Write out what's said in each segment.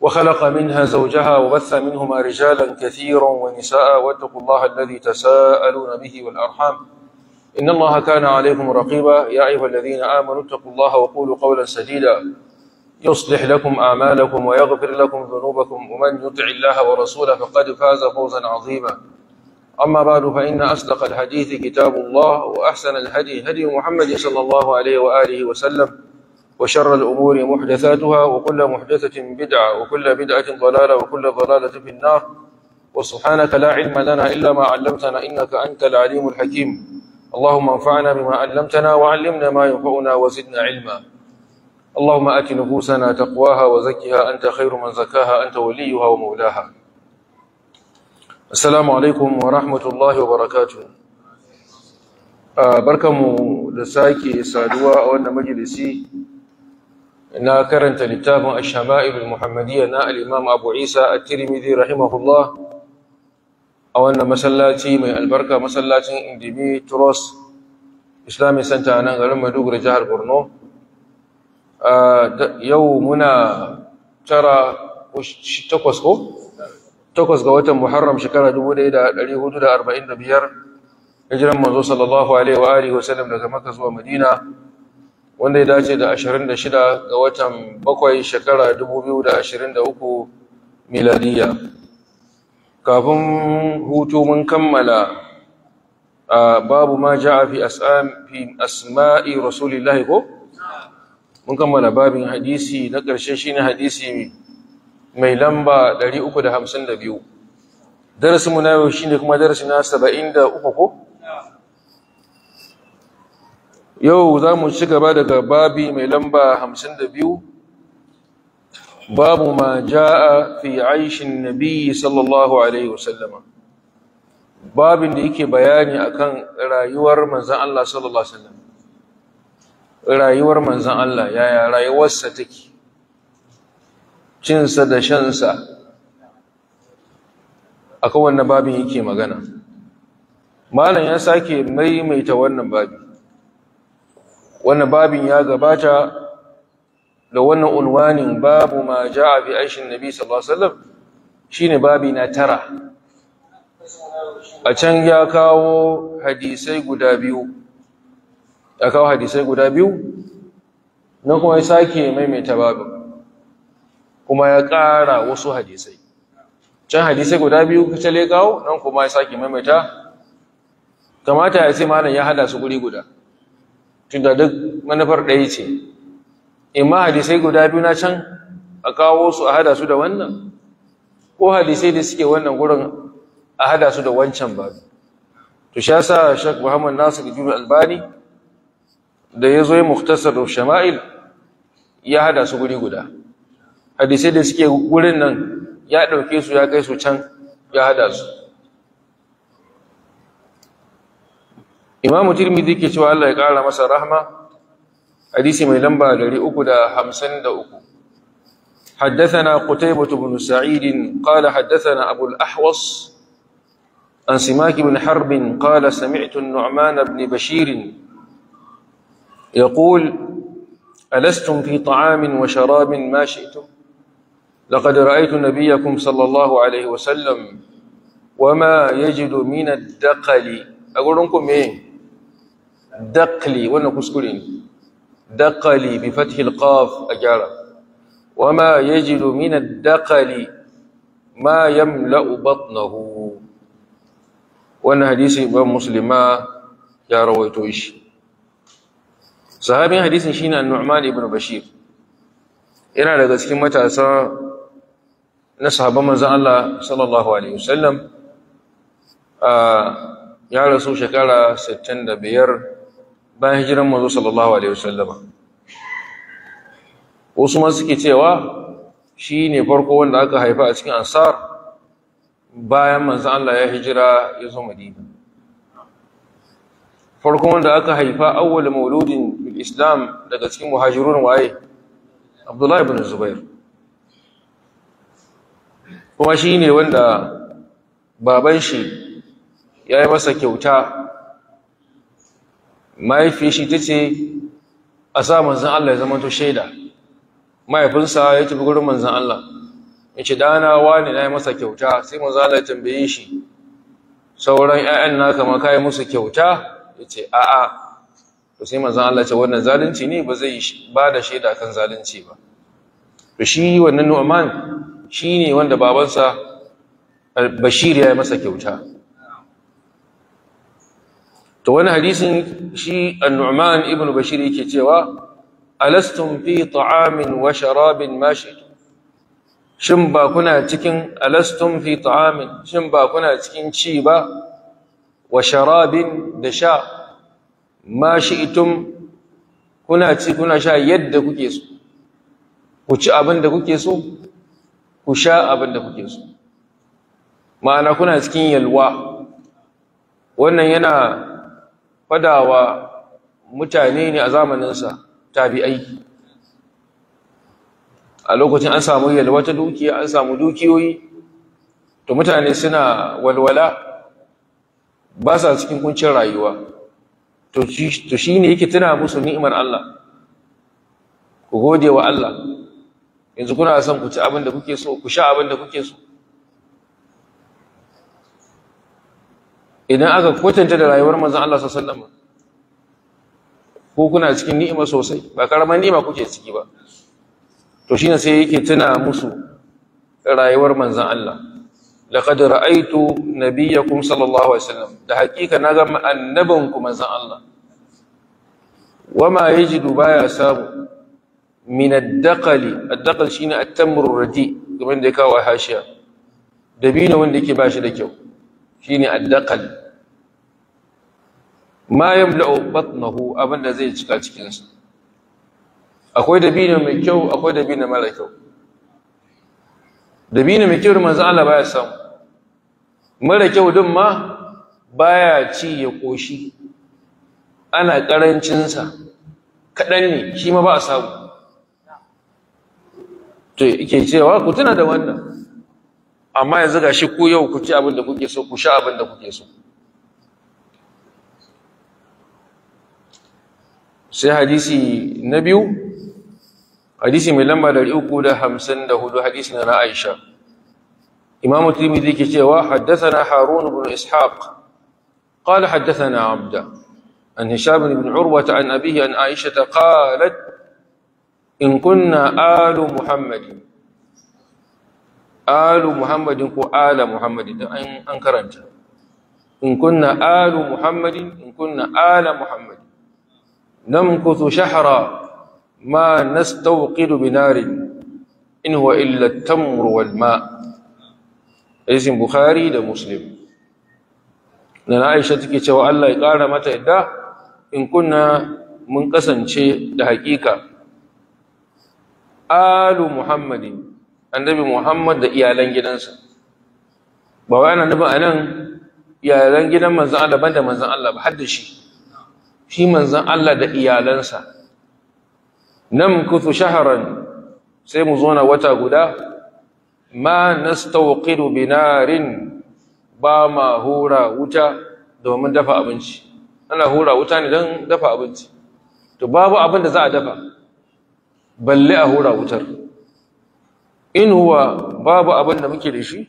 وخلق منها زوجها وبث منهما رجالا كثيرا ونساء واتقوا الله الذي تساءلون به والأرحام إن الله كان عليكم رقيبا يا أيها الذين آمنوا اتقوا الله وقولوا قولا سديدا يصلح لكم أعمالكم ويغفر لكم ذنوبكم ومن يطع الله ورسوله فقد فاز فوزا عظيما أما بعد فإن أصدق الحديث كتاب الله وأحسن الهدي هدي محمد صلى الله عليه وآله وسلم وشر الأمور محدثاتها وكل محدثة بدعة وكل بدعة ضلالة وكل ضلالة في النار وسبحانك لا علم لنا إلا ما علمتنا إنك أنت العليم الحكيم اللهم انفعنا بما علمتنا وعلمنا ما ينفعنا وزدنا علما اللهم آت نفوسنا تقواها وزكها أنت خير من زكاها أنت وليها ومولاها السلام عليكم ورحمة الله وبركاته آه بركة لساكي سادوا أو أن مجلسي na karanta littafin ash-shama'il muhammadiyya na al-imam abu isa at-tirmidhi rahimahullah a wannan masallaci mai albarka masallacin indimi trust islamic center nan garin maiduguri jihar borno yau muna tara takwas ko takwas ga watan muharram shekara 1445 hijiran manzo sallallahu alaihi wa alihi wasallam daga maka zuwa madina wanda ya dace da 26 ga watan bakwai shekara 2023 miladiya kafin hutu mun kammala A babu ma ja a fi asma'i rasulillahi ko mun kammala babin hadisi na ƙarshe shine hadisi mai lamba 352 darasinmu na yau shine kuma darasi na 73 ko yau za mu ci gaba daga babi mai lamba hamsin da biyu babu ma ja'a fi aishin nabi sallallahu alaihi wasallama babin da yake bayani akan rayuwar manzan Allah sallallahu alaihi wasallam rayuwar manzan Allah yaya rayuwarsa take cinsa da shansa akan wannan babin yake magana malam ya sake maimaita wannan babin wannan babin ya gabata da wannan unwanin babu ma ja'a bi aishin nabi sallallahu alaihi wasallam shine babi na tara a can ya kawo hadisai guda biyu ya kawo hadisai guda biyu na kuma ya sake maimaita babin kuma ya ƙara wasu hadisai can hadisai guda biyu kusa kawo nan kuma ya sake maimaita kamata ya ce malam ya hada su guri guda tunda duk manufar ɗaya ce imma hadisai guda biyu na can a kawo su a hada su da wannan ko hadisai da suke wannan gurin a hada su da wancan ba? to shi yasa shak Muhammad Nasir Ibn Albani da ya yazo ya mukhtasar Shama'il ya hada su guri guda hadisai da suke gurin nan ya ɗauke su ya kai su can ya hada su imamu tirmidhi ke cewa Allah رحمه kara masa rahma hadisi mai دا 353 حدثنا قتيبة بن سعيد قال حدثنا أبو الأحوص عن سماك بن حرب قال سمعت النعمان بن بشير يقول ألستم في طعام وشراب ما شئتم لقد رأيت نبيكم صلى الله عليه وسلم وما يجد من الدقل أقول لكم إيه daqli wannan kuskure ne daqali bi fathil alqaf a gyara wama yajidu min ad-daqali ma yamla'u batnahu wannan hadisi ba muslima ya rawaito shi sahabin hadisin shine an-nu'man ibn bashir yana daga cikin matasa na sahabban manzon Allah sallallahu alaihi wasallam ya rasu shekara 65 bayan hijiran mazo sallallahu alaihi wasallama wasu suke cewa shi ne farko wanda aka haifa a cikin ansar bayan manzo Allah ya hijira ya zo madina farko wanda aka haifa awwal mauludin bil islam daga cikin muhajirun waye abdullahi ibn zubair kuma shi ne wanda baban shi ya yi masa kyauta mahaifiyar shi ta ce a sa manzan Allah ya zama to shaida mahaifinsa ya tafi gurin manzan Allah ya ce dana wani na yi masa kyauta sai manzan Allah ya tambaye shi sauran 'ya'yan na kama ka yi musu kyauta ya ce a'a to sai manzan Allah ya ce wannan zalunci ne ba zai ba da shaida kan zalunci ba to shi wannan nu'aman shi ne wanda babansa Bashir ya yi masa kyauta to wani hadisin shi annu'man ibn bashir yake cewa alastum fi ta'amin wa sharabin ma shin ba kuna cikin alastum fi ta'amin shin ba kuna cikin ci ba wa sharabin da sha ma shi'tum kuna ci kuna sha yadda kuke so ku ci abin da kuke so ku sha abin da kuke so ma'ana kuna cikin yalwa wannan yana fadawa mutane ne a zamaninsa aiki. a lokacin an samu yalwa ta dukiya an samu dukiyoyi to mutane suna walwala ba sa cikin kuncin rayuwa to shi ne yake tuna musu ni'imar Allah ku gode wa Allah yanzu kuna son ku ci abin da kuke so ku sha abin da kuke so idan aka kwatanta da rayuwar manzon Allah sallallahu alaihi ko kuna cikin ni'ima sosai ba karamar ni'ima kuke ciki ba to shine sai yake tuna musu rayuwar manzon Allah laqad ra'aytu nabiyyakum sallallahu alaihi wasallam da hakika na ga ku manzon Allah wama yajidu baya samu min ad a ad-daqal shine at-tamr ar-radi da ya kawo hashiya dabino wanda yake shi da kyau shine addaqal ma yamla'u batnahu abinda zai cika cikinsa akwai dabino mai kyau akwai dabino mara kyau dabino mai kyau da manzo Allah baya samu mara kyau din ma baya ci ya koshi ana karancin sa kadan ne shi ma ba a samu to yake cewa ku tuna da wannan amma yanzu ga shi ku yau ku ci abin da kuke so ku sha abin da kuke so sai hadisi na biyu hadisi mai lamba da uku da hamsin da hudu hadisi na aisha imamu zai ke cewa haddasa haddathana harun ibn ishaq na, Abda. An عن هشام بن an عن an Aisha ta قالت In kunna Alu محمد alu muhammadin ko ala muhammadin don an karanta in kunna alu muhammadin in kunna ala muhammadin Nan namkutu shahara ma nastawqidu binari, in huwa illa tamru wal ma hadisin bukhari da muslim na aisha take cewa Allah ya kara mata yadda in kunna mun kasance da hakika alu muhammadin annabi Muhammad da iyalan gidansa ba wai ana nufin anan iyalan gidan manzon Allah ban da manzon Allah ba har da shi shi manzon Allah da iyalansa namkuthu shahran sai mu zo na wata guda ma nastawqidu binarin ba ma hura wuta domin dafa abinci ana hura wuta ne don dafa abinci to babu abin da za a dafa balle a hura wutar in huwa babu abin da muke da shi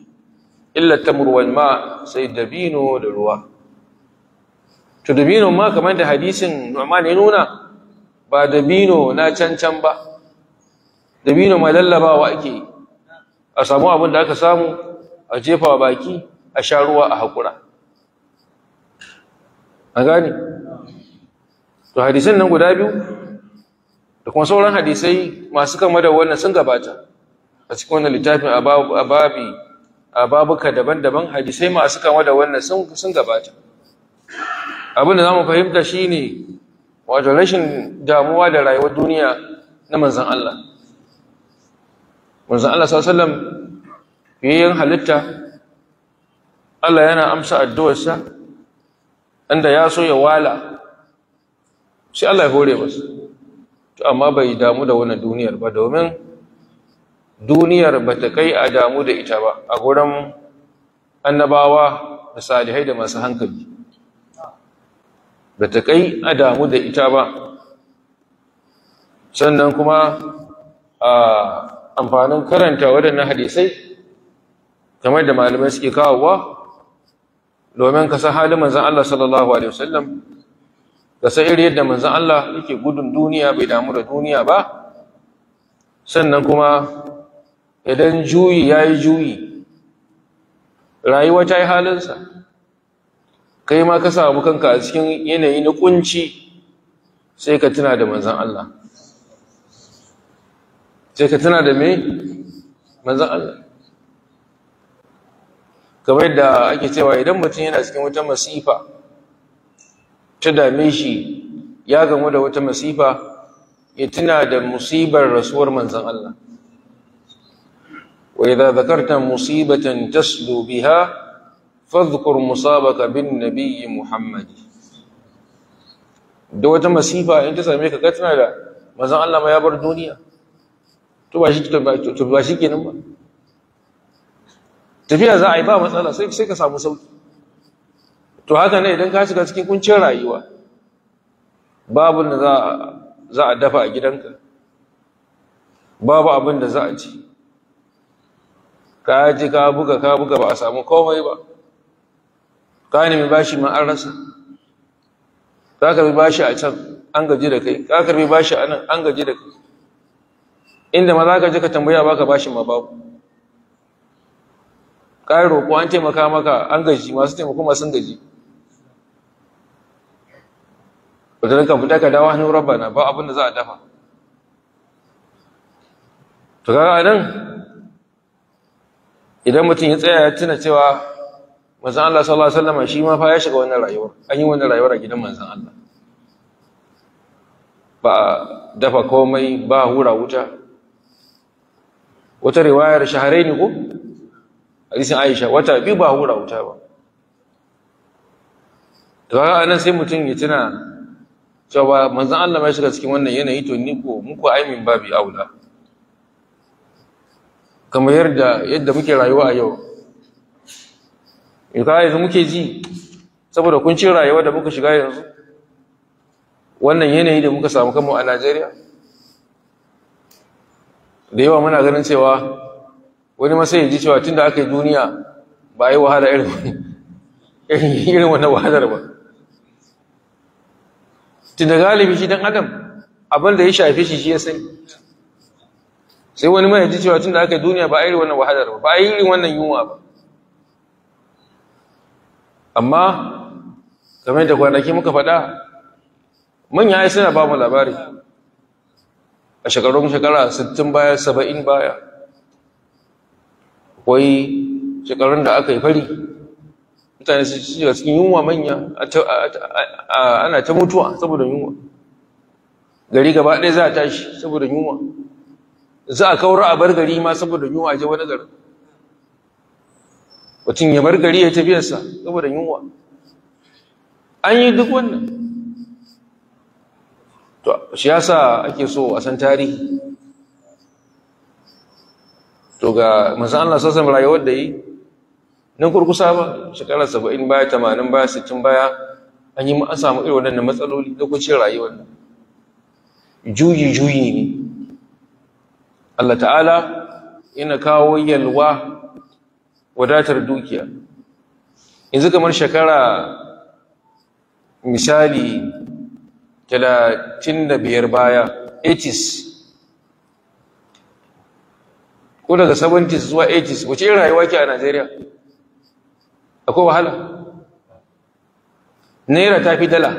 illa tamr wal ma sai dabino da ruwa to dabino ma kamar da hadisin Nu'man ya nuna ba dabino na cancan ba dabino mai lallabawa ake a samu abin da aka samu a jefa baki a sha ruwa a hakura a gani to hadisan nan guda biyu da kuma sauran hadisai masu kama da wannan sun gabata a cikin wannan littafin ababi ababuka daban-daban hadisai masu kama da wannan sun gabata abin da za mu fahimta shine wato rashin damuwa da rayuwar duniya na Manzon Allah Manzon Allah sallam yayin halitta Allah yana amsa addu'arsa inda ya so ya wala sai Allah ya hore masa to amma bai damu da wannan duniyar ba domin duniyar ba ta kai a damu da ita ba a gurin annabawa da salihai da masu hankali ba ta kai a damu da ita ba sannan kuma a amfanin karanta waɗannan hadisai kamar da malamai suke kawowa domin ka san halin manzan Allah sallallahu alaihi wasallam ka san iri yadda manzan Allah yake gudun duniya bai damu da duniya ba sannan kuma idan juyi ya yi juyi rayuwa ta yi halinsa kai ma ka samu kanka a cikin yanayi na kunci sai ka tuna da manzan Allah sai ka tuna da mai manzan Allah kamar yadda ake cewa idan mutum yana cikin wata masifa ta dame shi ya gamu da wata masifa ya tuna da musibar rasuwar manzan Allah وإذا ذكرت مصيبة تسلو بها فاذكر مصابك بالنبي محمد da wata masifa in ta same ka tana da mazan Allah ma ya bar duniya to ba shi to ba shi kenan ba tafiya za a yi ba matsala sai sai ka samu sauki to haka ne idan ka shiga cikin kuncin rayuwa babu da za a dafa a gidanka babu abin da za a ci ka ji ka buga ka buga ba a samu komai ba ka nemi bashi ma an rasa ka karbi bashi a can an gaji da kai ka karbi bashi a nan an gaji da kai inda ma za ka ji ka tambaya ka bashi ma babu ka yi roƙo an taimaka maka an gaji masu taimako masu gaji wata ka fita ka dawo hannun na, ba abin da za a dafa to kaga nan idan mutum ya tsaya ya tuna cewa manzon Allah sallallahu alaihi wasallam shi ma fa ya shiga wannan rayuwar an yi wannan rayuwar a gidan manzon Allah ba dafa komai ba hura wuta wata riwayar ne ko hadisin Aisha wata biyu ba hura wuta ba Da ga anan sai mutum ya tuna cewa manzon Allah ya shiga cikin wannan yanayi to ni ko muku aimin babi aula kamar yadda yadda muke rayuwa a yau yuka yanzu muke ji saboda kun ce rayuwa da muka shiga yanzu wannan yanayi da muka samu kanmu a Najeriya da yawa muna ganin cewa wani masai ji cewa tunda aka yi duniya ba a yi wahala irin wannan wahalar ba tunda galibi shi don adam abin da ya shafi shi shi ya sani sai wani mai ji cewa tunda da aka yi duniya ba a yi wannan wahalar ba ba a yi wannan yunwa ba amma kamar da kwanaki muka faɗa manya ai suna ba mu labari a shekarun shekara 60 baya 70 baya akwai shekarun da aka yi fari mutane su ci daga cikin yunwa manya ana ta mutuwa saboda yunwa gari gaba ɗaya za a tashi saboda yunwa za a kawar a bar gari ma saboda yunwa je wani garin mutum ya bar gari ya tafiyarsa saboda yunwa an yi duk wannan to shi yasa ake so a san tarihi to ga masu Allah sassan rayuwar da yi nan kurkusa ba shekarar 70 baya 80 baya 60 baya an yi an samu irin wannan matsaloli lokacin rayuwar nan juyi juyi ne Allah ta'ala yana kawo yalwa wadatar dukiya yanzu kamar shekara misali 35 baya 80s ko daga 70s zuwa 80s wace irin rayuwa ke a Najeriya akwai wahala naira ta fi dala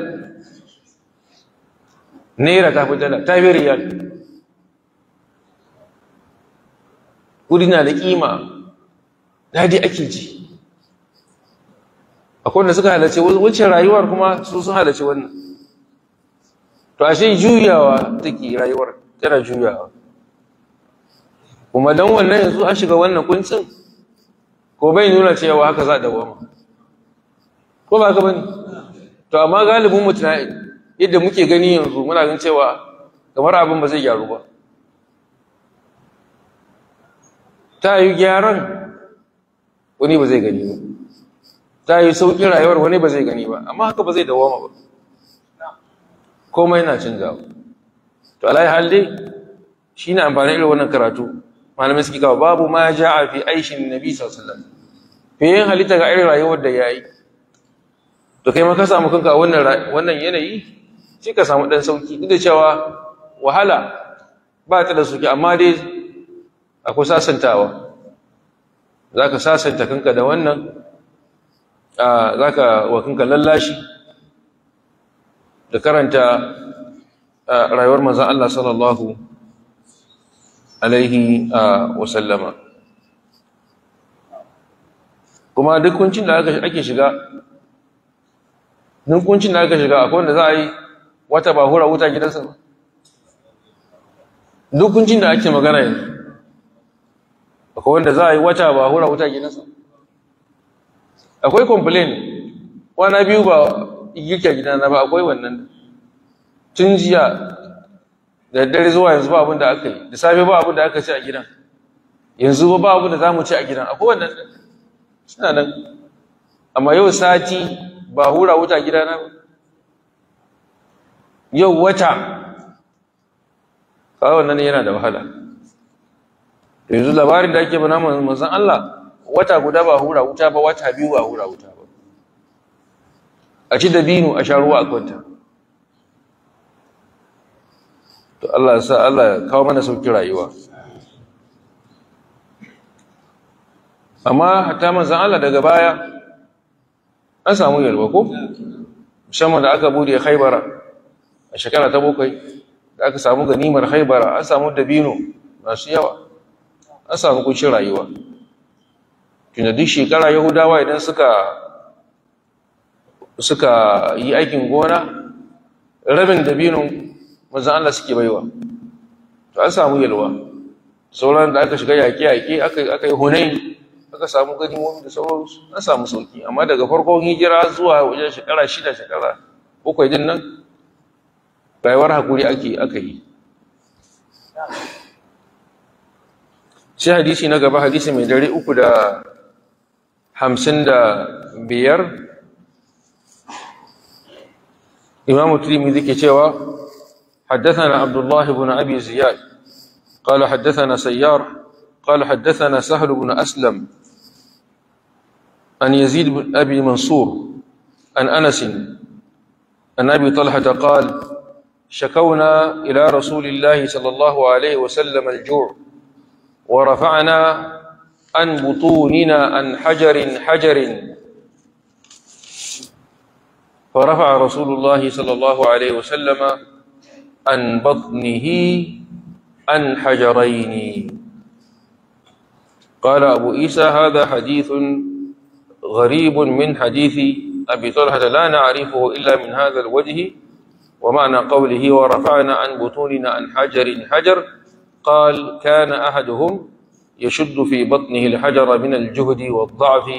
naira ta fi dala ta fi riyal wuri na da kima dadi ake ji akwai wanda suka halarci wacce rayuwar kuma su sun halarci wannan to ashe juyawa take rayuwar tana juyawa kuma don wannan yanzu an shiga wannan kuncin ko bai nuna cewa haka za da goma ko ba ka bane to amma galibin mutane yadda muke gani yanzu muna gan cewa kamar abin ba zai gyaru ba ta yi gyaran wani ba zai gani ba ta yi sauƙi rayuwar wani ba zai gani ba amma haka ba zai dawoma ba komai na canzawa to alayi halde shi ne amfanin irin wannan karatu malamai suke kawo babu ma ya ja'a fi aishin nabi sallallahu alaihi wasallam fiye halitta ga irin rayuwar da ya yi? to kai ma ka samu kanka wannan wannan yanayi sai ka samu dan sauki duk da cewa wahala ba ta da suke amma dai akwai sasantawa za ka sasanta kanka da wannan za ka wa kanka lallashi da karanta rayuwar maza Allah sallallahu alaihi wasallama kuma duk kuncin da ake shiga duk kuncin da aka shiga akwai wanda za a yi wata bahura wuta gidansa ba duk kuncin da ake magana yanzu akwai wanda za a yi wata ba hura wuta gidansa akwai complain kwana biyu ba yake gidana ba akwai wannan tun jiya da daddare zuwa yanzu ba abin da aka yi da safe ba abin da aka ci a gidan yanzu ba ba abin da za mu ci a gidan akwai wannan suna nan amma yau sati ba hura wuta gidana ba yau wata kawai wannan yana da wahala to yanzu labarin da ake bana manzon Allah wata guda ba hura wuta ba wata biyu ba hura wuta ba a ci dabino a sha ruwa a kwanta to Allah ya sa Allah kawo mana sauki rayuwa amma hatta manzon Allah daga baya an samu yalwa ko musamman da aka bude haibara a shekara ta bakwai da aka samu ganimar haibara an samu dabino masu yawa an samu kuncin rayuwa tunda duk shekara yahudawa idan suka suka yi aikin gona rabin dabinin mazan Allah suke baiwa to an samu yalwa sauran da aka shiga yaƙe-yaƙe aka yi hunayi aka samu ganimomi da sauransu an samu sauki amma daga farkon hijira zuwa wajen shekara shida shekara bakwai din nan rayuwar hakuri ake aka yi sai hadisi na gaba hadisi mai dare uku da hamsin da biyar imamu turimi ke cewa حدثنا عبد الله بن أبي زياد قال حدثنا سيار قال حدثنا سهل بن أسلم أن يزيد بن أبي منصور أن أنس أن أبي طلحة قال شكونا إلى رسول الله صلى الله عليه وسلم الجوع ورفعنا عن بطوننا عن حجر حجر فرفع رسول الله صلى الله عليه وسلم عن بطنه عن حجرين قال أبو عيسى هذا حديث غريب من حديث أبي طلحة لا نعرفه إلا من هذا الوجه ومعنى قوله ورفعنا عن بطوننا عن حجر حجر قال كان أحدهم يشد في بطنه الحجر من الجهد والضعف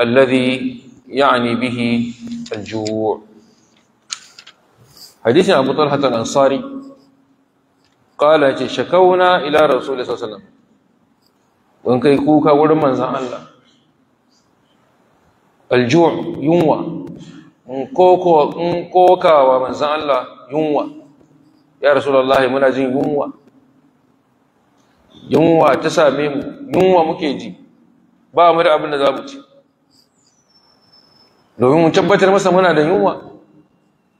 الذي يعني به الجوع حديث أبو طلحة الأنصاري قال شكونا إلى رسول الله صلى الله عليه وسلم وإن كوكا ورمان الله الجوع ينوى إن كوكا wa manzan Allah yunwa يا رسول الله jin yunwa yunwa ta same mu yunwa muke ji ba mu da abin da za mu ci domin mu tabbatar masa muna da yunwa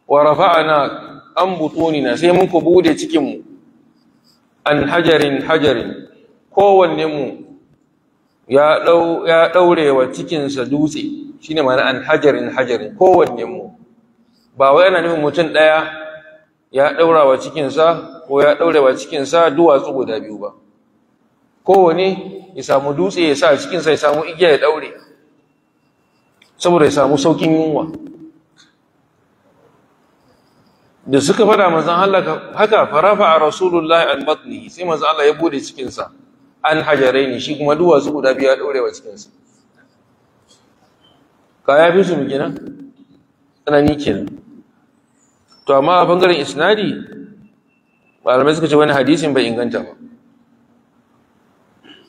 wa rafa'ana an na sai mun ku bude cikin mu an hajarin hajarin kowanne mu ya dau ya daurewa cikin sa dutse shine ma'ana an hajarin hajarin kowanne mu ba wai yana nufin mutum daya ya daurawa cikin sa ko ya daurewa cikin sa duwatsu guda biyu ba kowane ya samu dutse ya sa cikinsa ya samu igiya ya daure saboda ya samu saukin yunwa da suka fada manzan haka farafa a rasulullahi al batni sai mazan Allah ya bude cikinsa an hajjare ne shi kuma duwatsu guda biya daurewa cikinsa ka ya fi su mu tsanani kenan to amma a bangaren isnadi malamai suka ce wani hadisin bai inganta ba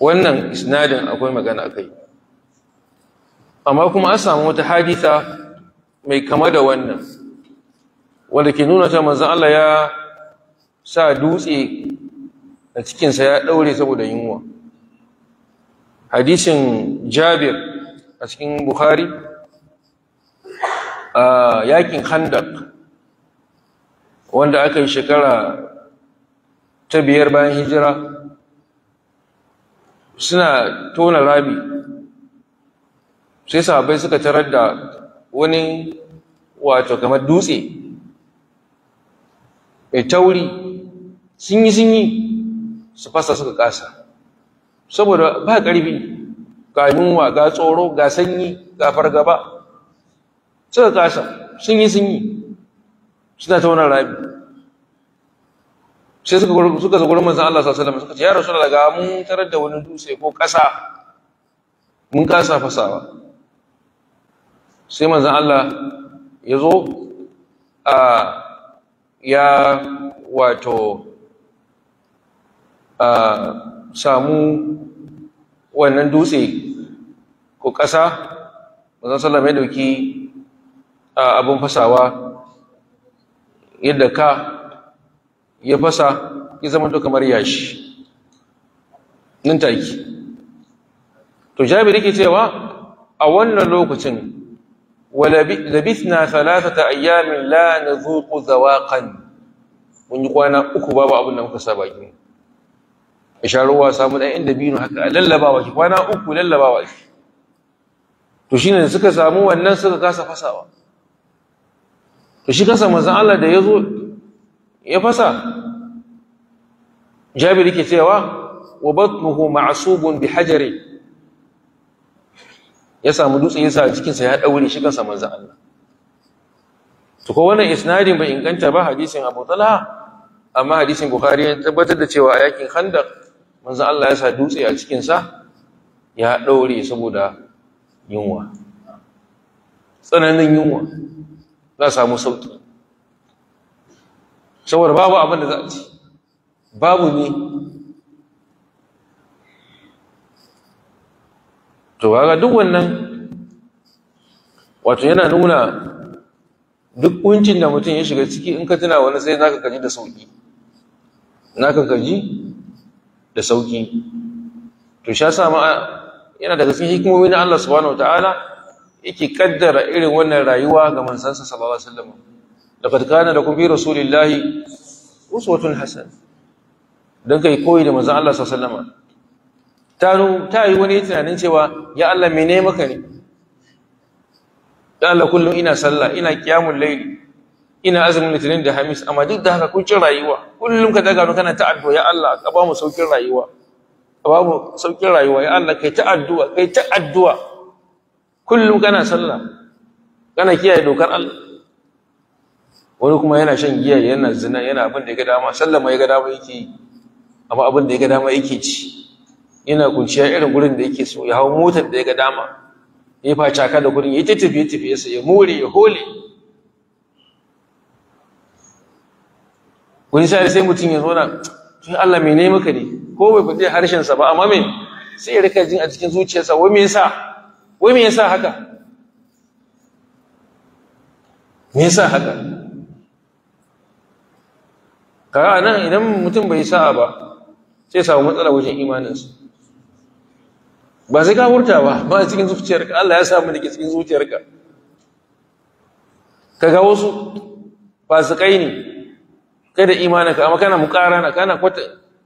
wannan isnadin akwai magana kai. amma kuma an samu wata haditha mai kama da wannan wanda ke nuna ta manzon Allah ya sa dutse a cikinsa ya daure saboda yunwa hadisin Jabir a cikin Bukhari a yakin Handak. wanda aka yi shekara ta biyar bayan hijira suna tona rami sai sahabai suka tarar da wani wato kamar dutse mai tauri sun yi sun yi su fasa suka kasa saboda ba ƙarfi ga yunwa ga tsoro ga sanyi ga fargaba suka kasa sun yi sun yi suna tauna rami sai suka suka zo gurin manzon Allah sallallahu alaihi wasallam suka ce ya rasulullahi ga mun tarar da wani dutse ko ƙasa mun kasa fasawa sai manzon Allah ya zo a ya wato a samu wannan dutse ko ƙasa manzon sallallahu ya dauki abun fasawa yadda ka ya fasa ya zama to kamar yashi nan take to jabir yake cewa a wannan lokacin labithna thalathata ayyamin la nazuqu zawaqan mun yi kwana uku babu abin da muka sa ki. ya sha samu dan inda binu haka lallabawa ki, kwana uku lallabawa shi to shine suka samu wannan suka kasa fasawa to shi kasa manzon Allah da yazo ya fasa jabir yake cewa wa batnuhu ma'subun bi hajari ya samu dutse yasa cikin sa ya daure shi kansa manzo Allah to ko wannan isnadin bai inganta ba hadisin Abu Talha amma hadisin Bukhari ya tabbatar da cewa a yakin Khandaq manzo Allah ya sa dutse a cikin sa ya daure saboda yunwa tsananin yunwa za samu sauki shawar babu abin da za a ci babu ne to kaga duk wannan wato yana nuna duk kuncin da mutum ya shiga ciki in ka tuna wani sai naka kaji da sauki naka kaji da sauki to sha sa ma'a yana daga cikin hikimomi na Allah subhanahu wataala yake kaddara irin wannan rayuwa ga mansansa sallallahu alaihi wasallam laqad kana lakum fi rasulillahi uswatun hasana dan kai koyi da manzon Allah sallallahu alaihi ta yi wani tunanin cewa ya Allah mene maka ne ya Allah kullum ina sallah ina qiyamul layl ina azumin litinin da hamis amma duk da haka kuncin rayuwa kullum ka daga kana ta addu'a ya Allah ka ba saukin rayuwa ya Allah kai ta addu'a kullum kana sallah kana kiyaye dokar Allah wani kuma yana shan giya yana zina yana abin da ya ga dama sallama ya ga dama yake yi amma abin da ya ga dama yake ci yana kunciya irin gurin da yake so ya hau motar da ya ga dama ya faca ka da gurin ya ta tafiye tafiye sa ya more ya hole wani sai sai mutum ya zo na tun Allah ne maka ne ko bai fita harshen sa ba amma me sai ya rika jin a cikin zuciyarsa wai me yasa wai me yasa haka me yasa haka kaga nan idan mutum bai sa'a ba sai samu matsala wajen imaninsa ba sai ka hurta ba ba a cikin zuciyarka Allah ya samu da ke cikin zuciyarka kaga wasu fasikai ne da imaninka amma kana na kana kwata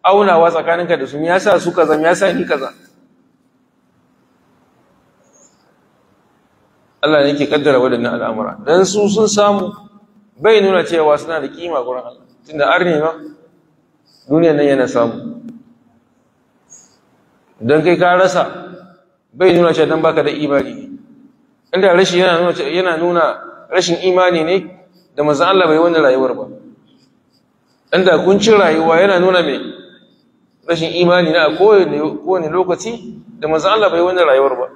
aunawa tsakaninka da su ya sa su kaza ya sa ni kaza Allah ne ke kaddara waɗannan al'amura dan su sun samu bai nuna cewa suna da kima gurin Allah tunda da arni ma duniyan nan yana samu don kai ka rasa bai nuna shi don baka da imani ne inda rashi yana nuna yana nuna rashin imani ne da manzan Allah bai wani rayuwar ba inda kuncin rayuwa yana nuna me rashin imani na a kowane lokaci da manzan Allah bai wani rayuwar ba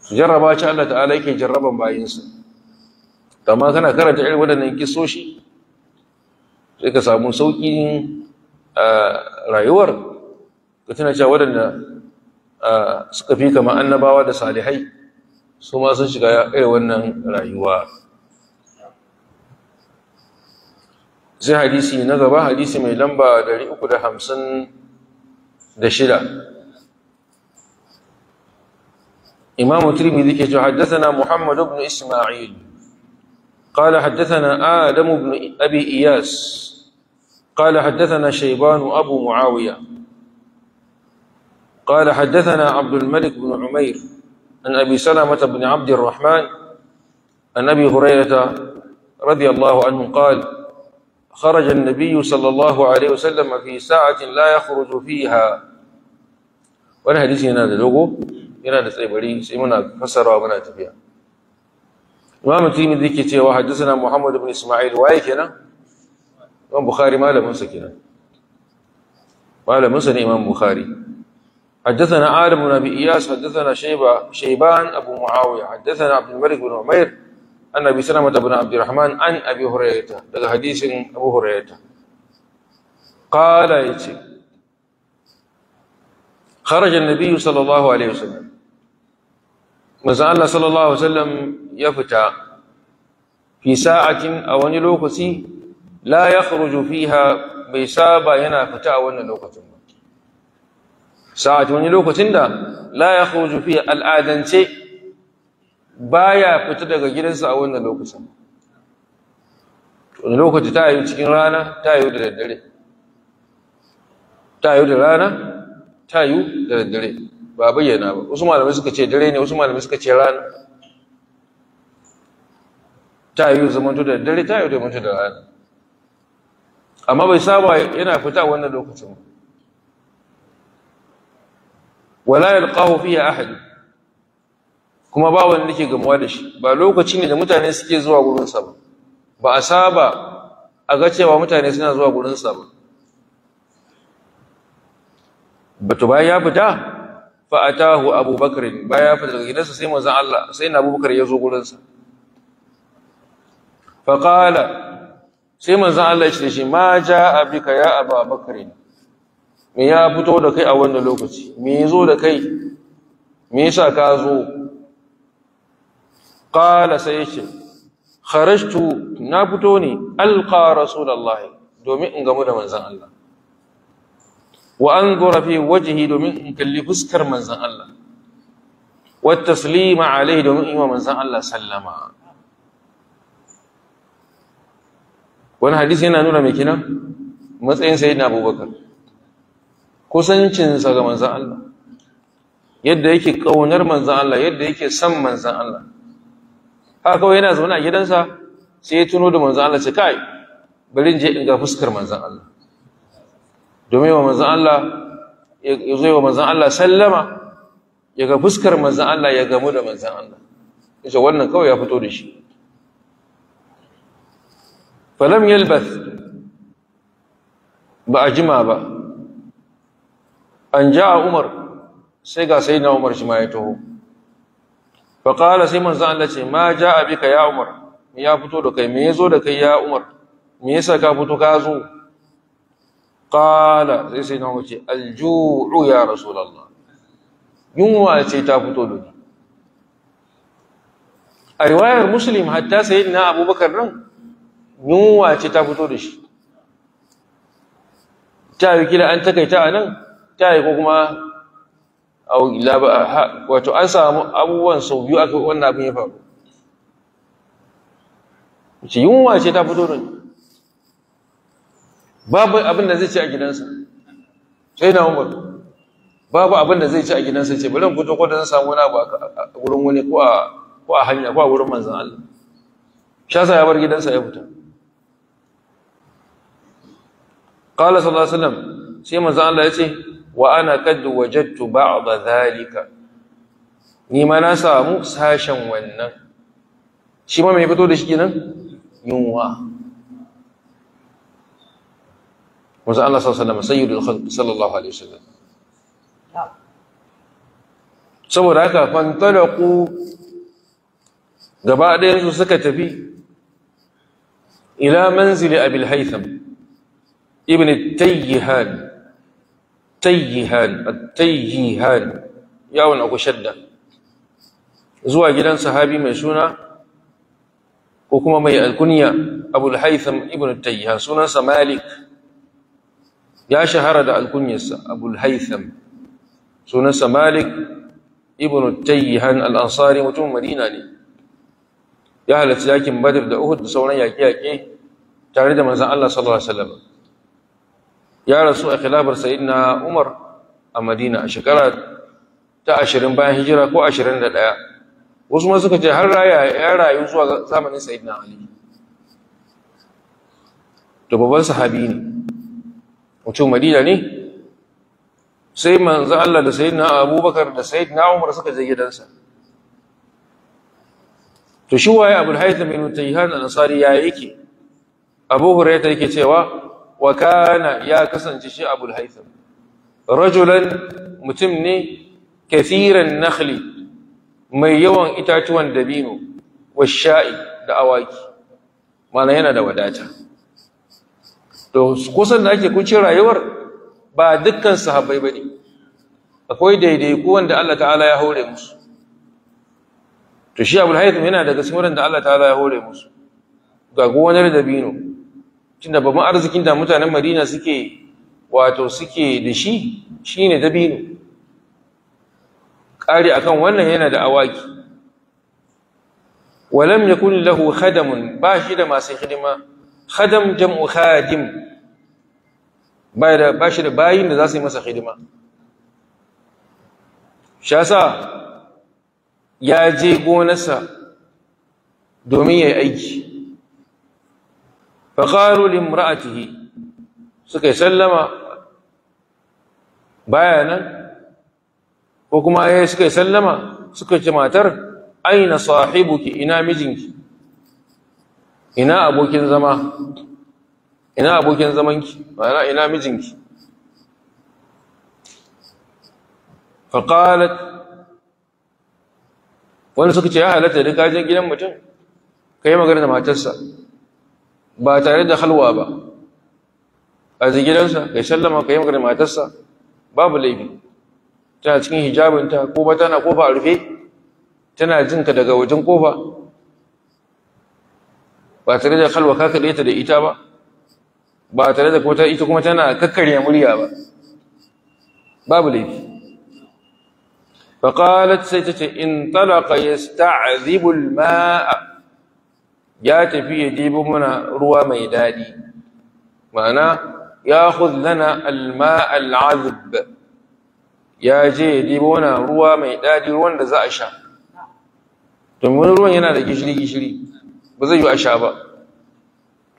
su jarraba ce Allah ta'ala yake jarraban bayinsa amma kana karanta irin waɗannan kisoshi sai ka samu sauƙin rayuwar ka tana cewa waɗanda suka fi kama annabawa da salihai su ma sun shiga irin wannan rayuwa sai hadisi na gaba hadisi mai lamba 356 إمام الترمذي na محمد بن إسماعيل قال حدثنا آدم بن أبي إياس قال حدثنا شيبان أبو معاوية قال حدثنا عبد الملك بن عمير عن أبي سلمة بن عبد الرحمن عن أبي هريرة رضي الله عنه قال خرج النبي صلى الله عليه وسلم في ساعة لا يخرج فيها وانا حديثي هنا لوجو هنا لتعبري سيمنا فسر ومنا تبيها imamu tirmidhi ke cewa haddathana muhammad ibn isma'il waye kenan imam bukhari malamin sa kenan malamin sa ne imam bukhari حدثنا عالم بن ابي اياس حدثنا شيبه شيبان ابو معاويه حدثنا عبد الملك بن عمير أن أبي سلمة بن عبد الرحمن عن أبي هريرة هذا حديث أبو هريرة قال يتي خرج النبي صلى الله عليه وسلم مزال الله صلى الله عليه وسلم ya fita fi sa'atin a wani lokaci la yakhruju fiha bai saba yana fita a wannan lokacin ba sa'at wani lokacin da la yakhruju fiha al'adance baya fita daga gidansa a wannan lokacin wani lokaci ta yi cikin rana ta yi da daddare ta yi da rana ta yi da daddare ba bayyana ba wasu malamai suka ce dare ne wasu malamai suka ce rana ta yi zamanto da dare ta yi zamanto da rana amma bai saba yana fita wannan lokacin wala ya yalqahu fiha ahad kuma ba wanda nake gamuwa da shi ba lokaci ne da mutane suke zuwa gurin sa ba ba a saba a ga cewa mutane suna zuwa gurin sa ba bato bayan ya fita fa atahu abubakar bayan ya fita daga gidansa sai manzon Allah sai na abubakar ya zo gurin sa faƙala sai manzan Allah shi da shi ma ja abika ya abu abakar me ya fito da kai a wannan lokaci me ya zo da kai me sa ka zo ƙala sai shi kharashtu na fito ne alqa rasulullahi domin in gamu da manzan Allah wa anzura fi wajihi domin in kalli fuskar manzan Allah wa taslima alaihi domin in wa manzan Allah sallama wani hadisi yana nuna mai kina matsayin sayi na abubakar kusancinsa ga manzan Allah yadda yake ƙaunar manzan Allah yadda yake son manzan Allah haka kawai yana zaune a gidansa sai ya tuno da manzan Allah sai kai bari je in ga fuskar manzan Allah domin wa manzan Allah ya zo wa manzan Allah sallama ya ga fuskar manzan Allah ya gamu da manzan Allah yace wannan kawai ya fito da shi falam yalbath ba a jima ba an ja umar sai ga sai na umar shi ya taho faƙala sai manzan Allah ce ma ja abika ya umar ya fito da kai me ya zo da kai ya umar me yasa ka fito ka zo ƙala sai sai na umar ce alju'u ya rasulallah yunwa ce ta fito da ni a riwayar muslim hatta sayyidina abubakar nan yunwa ce ta fito da shi ta yi kila an takaita a nan ta yi ko kuma wato an samu abubuwan sau biyu aka wannan abin ya faru ce yunwa ce ta fito da babu abin da zai ci a gidansa sai na umar babu abin da zai ci a gidansa ce bari kuto ko da zan samu wani abu a wurin wani ko a hanya ko a wurin manzan Allah shasa ya bar gidansa ya fita qala sallallahu alaihi wasallam sai manzo Allah yace wa ana kad wajadtu ba'd zalika ni ma na samu sashen wannan shi ma mai fito da shi kenan yunwa manzo Allah sallallahu alaihi wasallam sayyidul sallallahu alaihi wasallam saboda haka fantalaku gaba ɗayan su suka tafi ila manzili abil haitham ibn tayyihan tayyihan yawon aku shadda zuwa gidan sahabi mai suna ko kuma mai alkunya abul haitham ibn tayyihan sunansa malik ya shahara da alkunyarsa abul haitham sunansa malik ibn tayyihan al-ansari mutum madina ne ya halarci yakin badr da Uhudu sauran yaƙe-yaƙe tare da manzon Allah ya rasu a khilafar sayyidina Umar a Madina a shekara ta ashirin bayan hijira ko ashirin da ɗaya wasu ma suka ce har raya ya rayu zuwa zamanin sayyidina Ali to babban sahabi ne mutum Madina ne sai manzo Allah da sayyidina Abubakar da sayyidina Umar suka je gidansa to shi waye Abul Haytham bin Tayhan al-Ansari ya yake Abu Hurairah yake cewa wa kana ya kasance shi abul haitham rajulan mutum ne kathiran nakhli mai yawan itatuwan dabino wa sha'i da awaki mana yana da wadata to kusan da ake kuce rayuwar ba dukkan sahabbai bane akwai daidaiku wanda Allah ta'ala ya hore musu to shi abul haitham yana daga cikin da Allah ta'ala ya hore musu ga gonar dabino tunda babban arzikin da mutanen Madina suke wato suke da shi shi shine dabino ƙari akan wannan yana da awaki walam yakun lahu khadamun ba shi da masu hidima khadam jam'u khadim ba shi da bayin da za su yi masa hidima shi ya je gonarsa domin ya yi aiki faƙaru limra'atihi suka yi sallama baya nan ko kuma ya suka sallama suka ce matar aina sahibuki ina mijinki ina abokin zama ina abokin ina mijinki wani suka ce ya halatta da gajin gidan mutum ka yi magana da matarsa ba tare da halwa ba a gidansa kai sallama ka kai magana matarsa babu laifi tana cikin hijabinta ko ba tana kofa a rufe tana jin jinka daga wajen kofa ba tare da halwa ka kaɗe ta da ita ba ba tare da kota ita kuma tana kakkarya murya ba babu laifi فقالت سيتتي انطلق يستعذب الماء ya tafi ya ɗebo mana ruwa mai daɗi ma'ana ya lana alma al'azib ya je ya ɗebo mana ruwa mai daɗi ruwan da za a sha domin ruwan yana da gishiri-gishiri ba zai yi a sha ba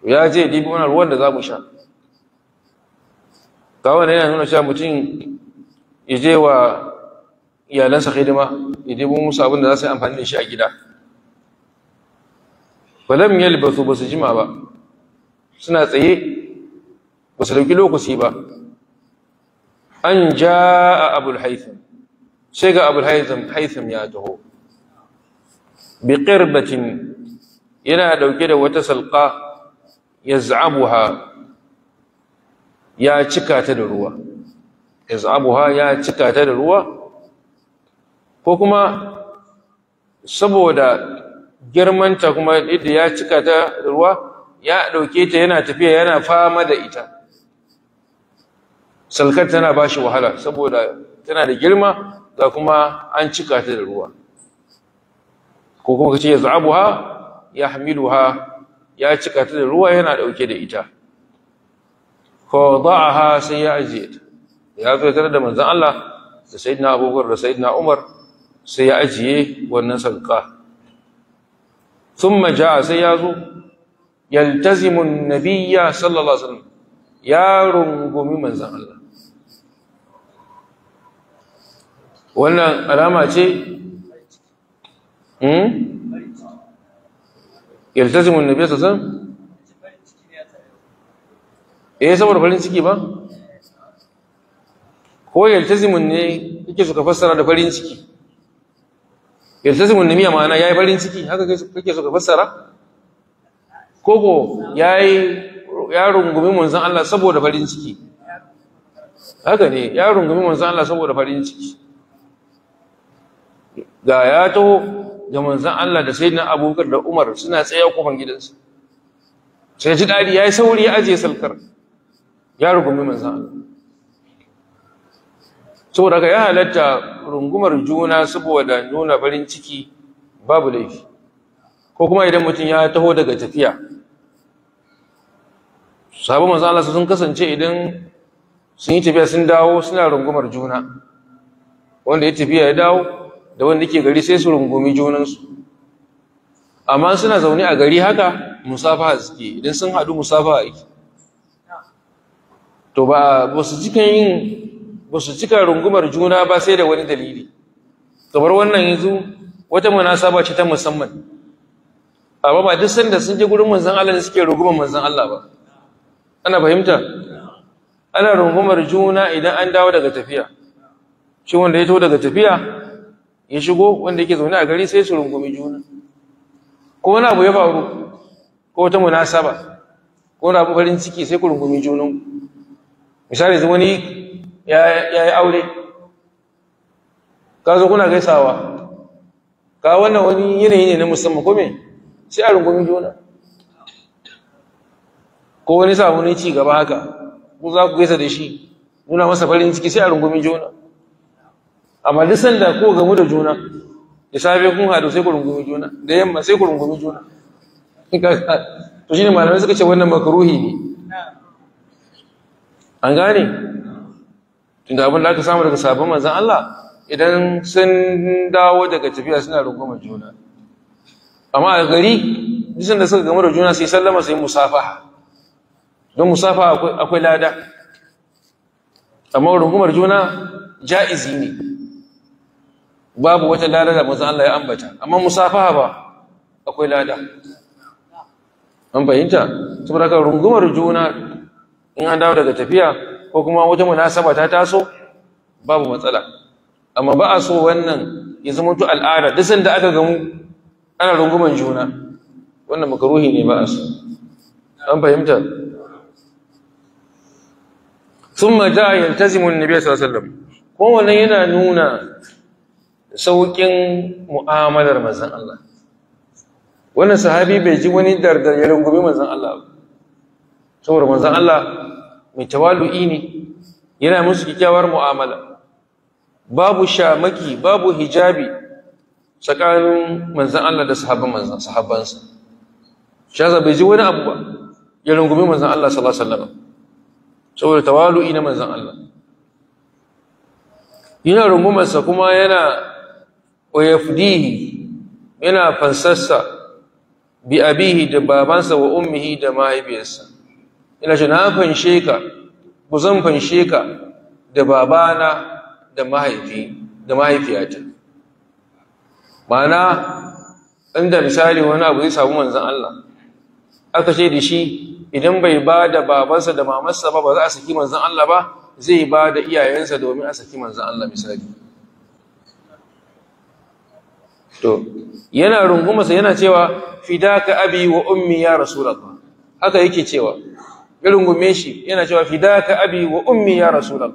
ya je ya ɗebo mana ruwan da za mu sha kawai yana nuna cewa mutum ya je wa iyalansa hidima ya ɗebo musu abin da za su yi amfani da shi a gida falam yalbasu ba su jima ba suna tsaye ba su dauki lokaci ba an ja a abul sai ga abul ya taho bi qirbatin yana dauke da wata salƙa yaz'abuha ya cika ta da ruwa ya cika ta da ruwa ko kuma saboda girmanta kuma yadda ya cika ta ruwa ya ɗauke ta yana tafiya yana fama da ita salkar tana ba shi wahala saboda tana da girma ga kuma an cika ta da ruwa ko kuma kace ya za'abu ha ya hamilu ha ya cika ta da ruwa yana ɗauke da ita ko ha sai ya ajiye ya zo tare da manzon Allah da sayyidina Abubakar da sayyidina Umar sai ya ajiye wannan salka Sun jaa sai ya zo yaltazimu nabiyya sallallahu alaihi wasallam ya rungumi manzan Allah wannan alama ce hmm yaltazimu nabiyya sallallahu alaihi wasallam eh saboda farin ciki ba ko yaltazimun ne yake suka fassara da farin ciki iltasimun nimiya ma'ana yayi farin ciki haka kake so ka fassara koko yayi ya rungumi munzan Allah saboda farin ciki haka ne ya rungumi munzan Allah saboda farin ciki ga ya taho da munzan Allah da sayyidina Abubakar da Umar suna tsaye a kofar gidansa sai ji dadi yayi sauri ya aje salkar ya rungumi munzan Allah saboda ka ya halatta rungumar juna saboda nuna farin ciki babu laifi ko kuma idan mutum ya taho daga tafiya sabon su sun kasance idan sun yi tafiya sun dawo suna rungumar juna wanda ya tafiya ya dawo da wanda ke gari sai su rungumi junansu amma suna zaune a gari haka musafaha suke idan sun haɗu musafaha ake to ba ba su cikin yin ba su cika rungumar juna ba sai da wani dalili kamar wannan yanzu wata munasaba ce ta musamman amma ba duk sanda sun je gurin manzon Allah ne suke rungumar manzon Allah ba ana fahimta ana rungumar juna idan an dawo daga tafiya shi wanda ya to daga tafiya ya shigo wanda yake zaune a gari sai su rungumi juna ko wani abu ya faru ko wata munasaba ko wani abu farin ciki sai ku rungumi junanku misali wani ya yi aure ka zo kuna gaisawa ka wannan wani yanayi ne na musamman kome sai a rungumin juna ko wani samu ne ci gaba haka ku za ku gaisa da shi muna masa farin ciki sai a rungumin juna amma duk da ko gamu da juna da safe kun haɗu sai ku rungumi juna da yamma sai ku rungumi juna to ne malamai suka ce wannan makaruhi ne an gane tunda abin da aka samu daga sabon manzon Allah idan sun dawo daga tafiya suna rungumar juna amma a gari jisun da suka gamu da juna sai sallama sai musafaha don musafaha akwai lada amma rungumar juna ja'izi ne babu wata lada da manzon Allah ya ambata amma musafaha ba akwai lada an fahimta saboda ka rungumar juna in an dawo daga tafiya ko kuma wata munasaba ta taso babu matsala amma ba a so wannan ya zama to al'ada duk sanda aka gamu ana runguman juna wannan makaruhi ne ba a so an fahimta thumma ja'a yaltazimu an-nabiy sallallahu alaihi wasallam ko wannan yana nuna sauƙin mu'amalar manzon Allah wannan sahabi bai ji wani dardar ya rungumi manzon Allah saboda manzon Allah mai tawalu'i ne yana musu kyakkyawar mu'amala babu shamaki babu hijabi tsakanin manzan Allah da sahabban manzan sahabbansa shaza bai ji wani abu ba ya rungumi manzan Allah sallallahu alaihi wasallam saboda tawalu'i na manzan Allah yana rungumarsa kuma yana oyafdihi yana fansarsa bi abihi da babansa wa ummihi da mahaifiyarsa ina na fanshe ka ku zan fanshe ka da babana da mahaifi da mahaifiyata ma'ana inda misali wani abu zai samu manzan Allah aka ce da shi idan bai ba da babansa da mamarsa ba ba za a saki manzan Allah ba zai ba da iyayensa domin a saki manzan Allah misali to yana rungumarsa yana cewa fidaka abi wa ummi ya rasu rasulullah haka yake cewa ya rungume shi yana cewa fidaka abi wa ummi ya rasulullah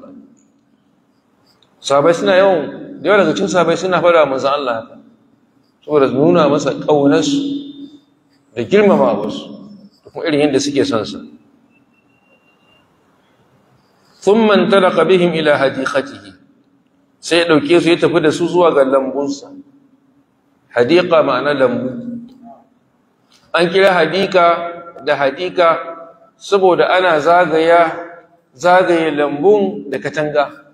sahabbai suna yawan da yawa daga cikin sahabbai suna fara manzo Allah haka saboda nuna masa kaunarsu da girmama wasu da kuma irin yadda suke son sa thumma intalaqa bihim ila hadiqatihi sai ya dauke su ya tafi da su zuwa ga lambunsa hadiqa ma'ana lambu an kira hadika da hadika saboda ana zagaya zagaye lambun da katanga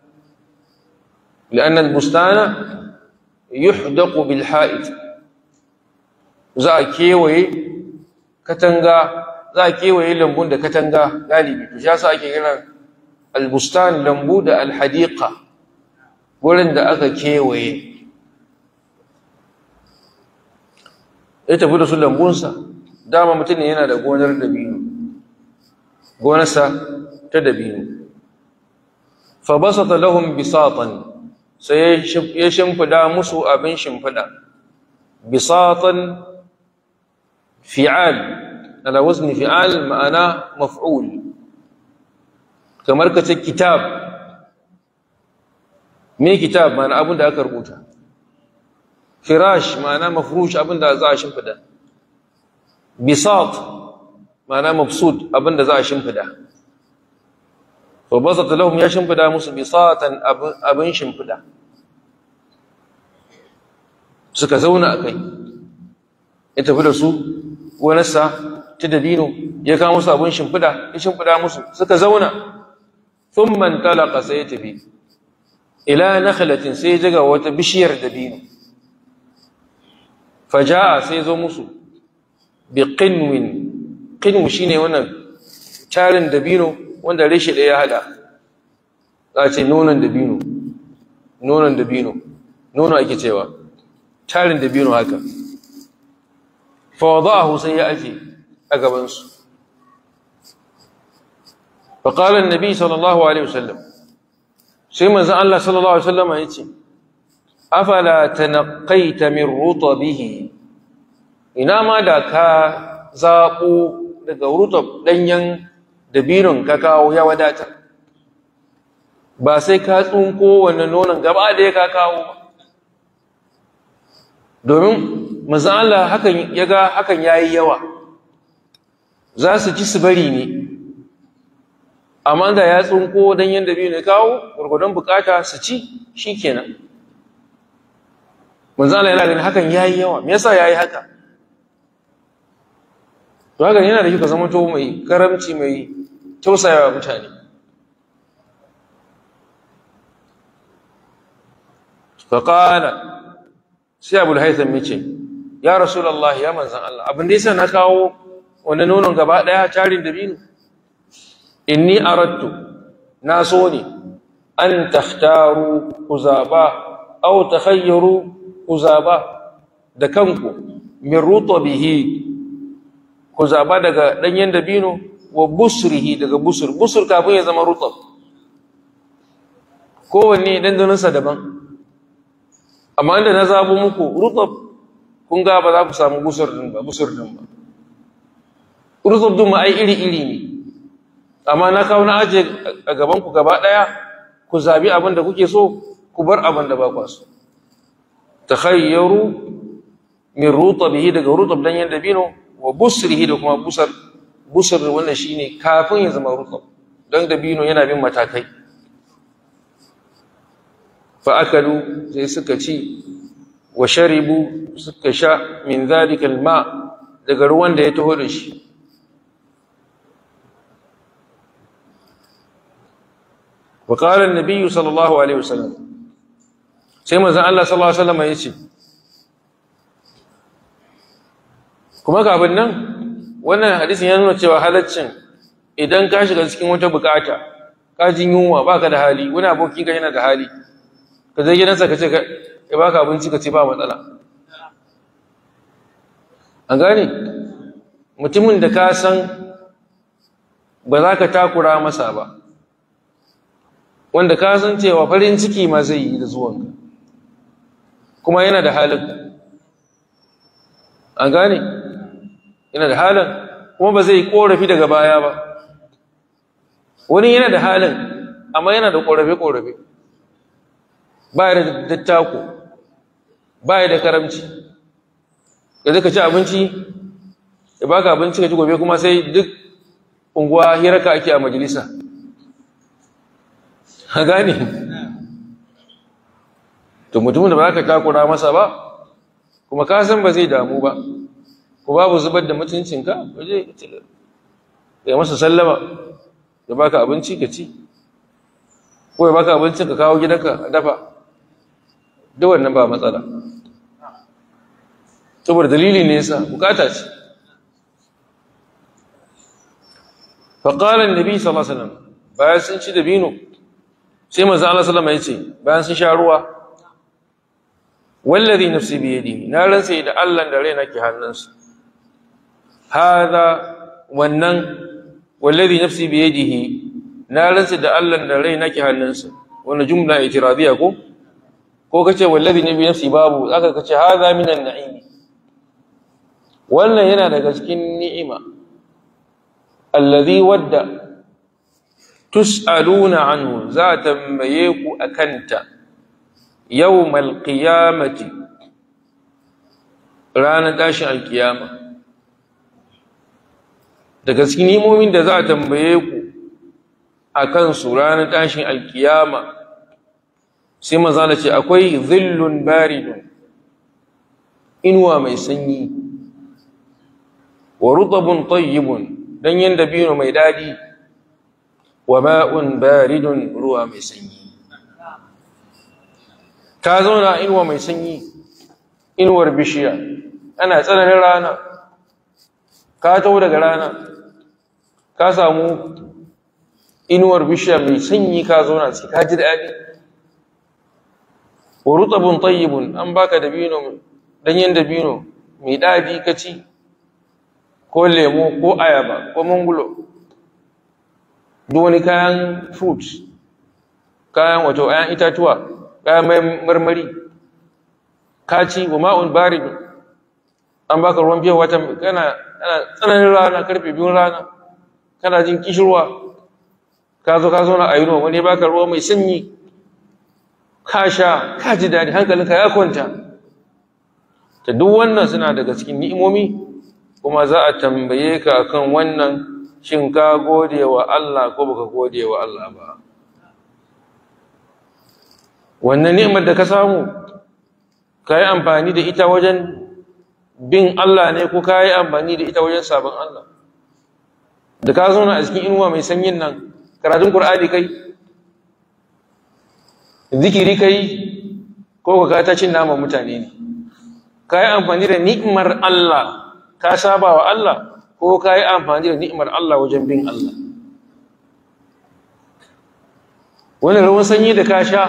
li'anna bustana yuhdaqu bil ha'id za a kewaye katanga za kewaye lambun da katanga galibi to shi yasa ake kiran albustan lambu da alhadiqa wurin da aka kewaye ya tafi da su lambunsa dama mutum yana da gonar dabino gonarsa ta dabino fa basata lahum bisatan sai ya shimfida musu abin shimfida bisatan fi'al ala wazni fi'al ma'ana maf'ul kamar ka ce kitab me kitab ma'ana abin da aka rubuta firash ma'ana mafrush abin da za a shimfida bisat ma'ana mafsud abinda za a shimfida to basata lahum ya shimfida musu bisatan abin shimfida suka zauna a kai ya tafi da su gonarsa ta dabino ya kawo musu abin shimfida ya shimfida musu suka zauna sun talaka ƙasa ya tafi ila na nakhlatin sai ya jaga wata bishiyar dabino faja'a sai zo musu biqinwin qinmu shine wannan tarin dabino wanda rashi ɗaya ya haɗa za ce nonon dabino nonon dabino nono ake cewa tarin dabino haka fa wada'ahu sai ya aje a gabansu fa qala annabi sallallahu alaihi wasallam sai manzo Allah sallallahu alaihi wasallam ya ce afala tanaqaita min rutabihi ina ma da ka zabo daga rutub ɗanyen dabirin ka kawo ya wadata ba sai ka tsunko wannan nonon gaba da ya ka kawo ba domin maza'ala hakan ya ga hakan ya yi yawa za su ci su bari ne amma da ya tsunko ɗanyen dabirin ya kawo gwargwadon bukata su ci shi kenan manzana yana ganin hakan ya yi yawa me yasa ya yi haka to haka yana da kyau ka zama mai karamci mai tausayawa mutane faƙala sai abu haitham ya ya rasulallah ya manzan Allah abin da yasa na kawo wani nonon gaba ɗaya tarin dabino inni aradtu na so ne an tahtaru ku zaba, au takhayyaru ku zaba da kanku min bihi ku zaba daga ɗanyen dabino wa busrihi daga busur busur kafin ya zama rutab kowanne sa daban amma inda na zabo muku rutab kun ga ba za ku samu busur din ba busur din ba rutab din ma ai iri iri ne amma na kawo na aje a gaban ku gaba daya ku zabi abin da kuke so ku bar abin da ba ku so takhayyaru min rutabihi daga rutab dan yan dabino wa busrihi da kuma busar da wannan shine kafin ya zama rukun don dabino yana bin matakai fa akalu sai suka ci wa sharibu suka sha min zalika alma daga ruwan da ya taho da shi wa qala an-nabiy sallallahu alaihi wasallam sai manzon Allah sallallahu alaihi wasallam ya ce kuma kafin nan wannan hadisin ya nuna cewa halaccin idan ka shiga cikin wata bukata ka jin yunwa baka da hali wani abokin ka yana da hali ka je gidansa ka ce ya baka abinci ka ce ba matsala an gane mutumin da ka san ba za ka takura masa ba wanda ka san cewa farin ciki ma zai yi da zuwanka kuma yana da halin an gane yana da halin kuma ba zai korafi daga baya ba wani yana da halin amma yana da korafe-korafe ba ya da dattako ba ya da karamci da zai ci abinci ya baka abinci ka ci gobe kuma sai duk unguwa hiraka ake a majalisa ha gane to mutumin da ba ka takura masa ba kuma ka san ba zai damu ba ko babu zubar da mutuncinka ba zai ya masa sallama ya baka abinci ka ci ko ya baka abinci ka kawo gidanka a dafa duk wannan ba matsala saboda dalili ne yasa bukata ce faƙalar nabi sallallahu alaihi wasallam bayan sun ci dabino sai manzo Allah wasallam ya ce bayan sun sha ruwa wallazi nafsi biyadihi na rantsa da Allah da raina ke hannunsa hadha wannan wallazi nafsi bi yadihi na ransa da Allah da rai nake hannunsa wannan jumla itiradiya ko ko kace wallazi ne bi nafsi babu zaka kace hadha minan na'im wannan yana daga cikin ni'ima allazi wadda tus'aluna anhu za tambaye ku a kanta. yawmal qiyamati ranar tashin alkiyama daga cikin nimomin da za a tambaye ku a kan su ranar tashin alkiyama sai maza da ce akwai zillun baridun inuwa mai sanyi wa rutabun tayyibun danyen dabino mai daɗi wa ma'un baridun ruwa mai sanyi ka zauna inuwa mai sanyi inuwar bishiya ana tsananin rana ka tau daga rana ka samu inuwar bishiya mai sanyi ka zauna ciki ka ji daɗi wa rutabun tayyibun an baka dabino danyen dabino mai daɗi ka ci ko lemo ko ayaba ko mangulo duwani kayan fruits kayan wato kayan itatuwa kayan marmari ka ci wa ma'un barid an baka ruwan biyan wata kana tsananin rana karfe biyun rana kana jin kishirwa ka zo ka zauna a yunwa wani baka ruwa mai sanyi ka sha ka ji daɗi hankalinka ya kwanta ta duk wannan suna daga cikin ni'imomi kuma za a tambaye ka kan wannan shin ka gode wa Allah ko baka gode wa Allah ba wannan ni'imar da ka samu ka yi amfani da ita wajen bin Allah ne ko ka yi amfani da ita wajen sabon Allah da ka zauna a cikin inuwa mai sanyin nan karatun ƙur'ani kai zikiri kai ko ka kata cin nama mutane ne ka yi amfani da ni'imar Allah ka saba wa Allah ko ka yi amfani da ni'imar Allah wajen bin Allah wani ruwan sanyi da ka sha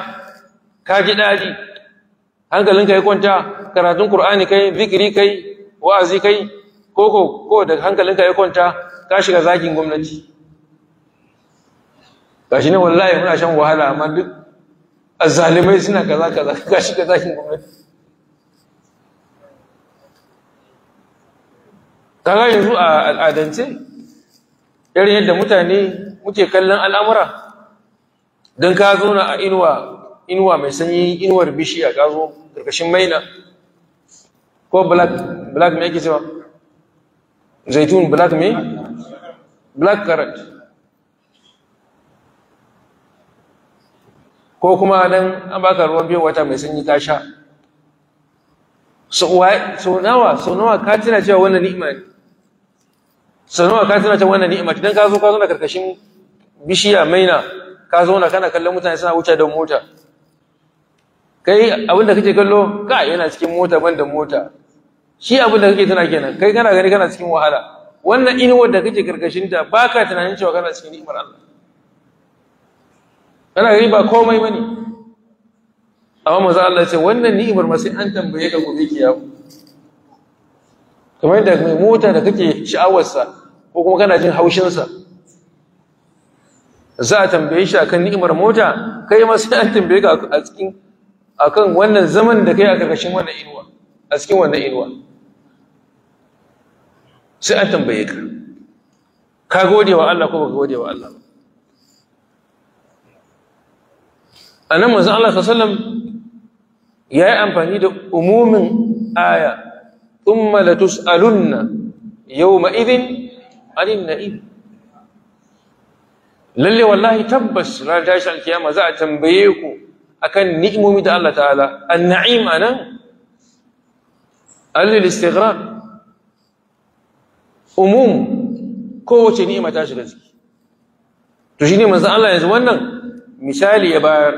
ka ji daɗi hankalinka ya kwanta karatun ƙur'ani kai zikiri kai wa'azi kai koko ko da hankalinka ya kwanta ka shiga zakin gwamnati Ka shi ne wallahi muna shan wahala amma duk azzalimai suna kaza kaza ka shiga zakin gwamnati Ka ga yanzu a al'adance irin yadda mutane muke kallon al'amura don ka zo na a inuwa inuwa mai sanyi inuwar bishiya a kazo karkashin maina ko black black me yake cewa zaitun black me black current ko kuma nan an baka ruwan biyu wata mai sanyi ta sha so nawa so nawa ka tana cewa wannan ni'ima ne so nawa ka tuna cewa wannan ni'ima idan ka zo ka zo na karkashin bishiya maina ka zo na kana kallon mutane suna wuce don mota kai abinda kake kallo ka yana cikin mota ban da mota shi abinda kake tana kenan kai kana gani kana cikin wahala wannan inuwar da kake karkashin ta ka tunanin cewa kana cikin ni'imar Allah kana gari ba komai bane amma maza Allah ya ce wannan ni'imar ma sai an tambaye ka gobe yawo kamar da mai mota da kake sha'awarsa ko kuma kana jin haushinsa za a tambaye shi akan ni'imar mota kai ma sai an tambaye ka a cikin akan wannan zaman da kai a karkashin wannan inuwa a cikin wannan inuwa sai an tambaye ka ka gode wa Allah ko baka gode wa Allah ba nan manzon Allah sallallahu alaihi yi amfani da umumin aya umma thumma latus'alunna yawma idhin 'anil na'im lalle wallahi tabbas ran tashi alkiyama za a tambaye ku akan ni'imomi da Allah ta'ala an-na'im a nan al-istighraq umum kowace ni'ima ta shiga ciki to shine manzon Allah yanzu wannan misali ya bayar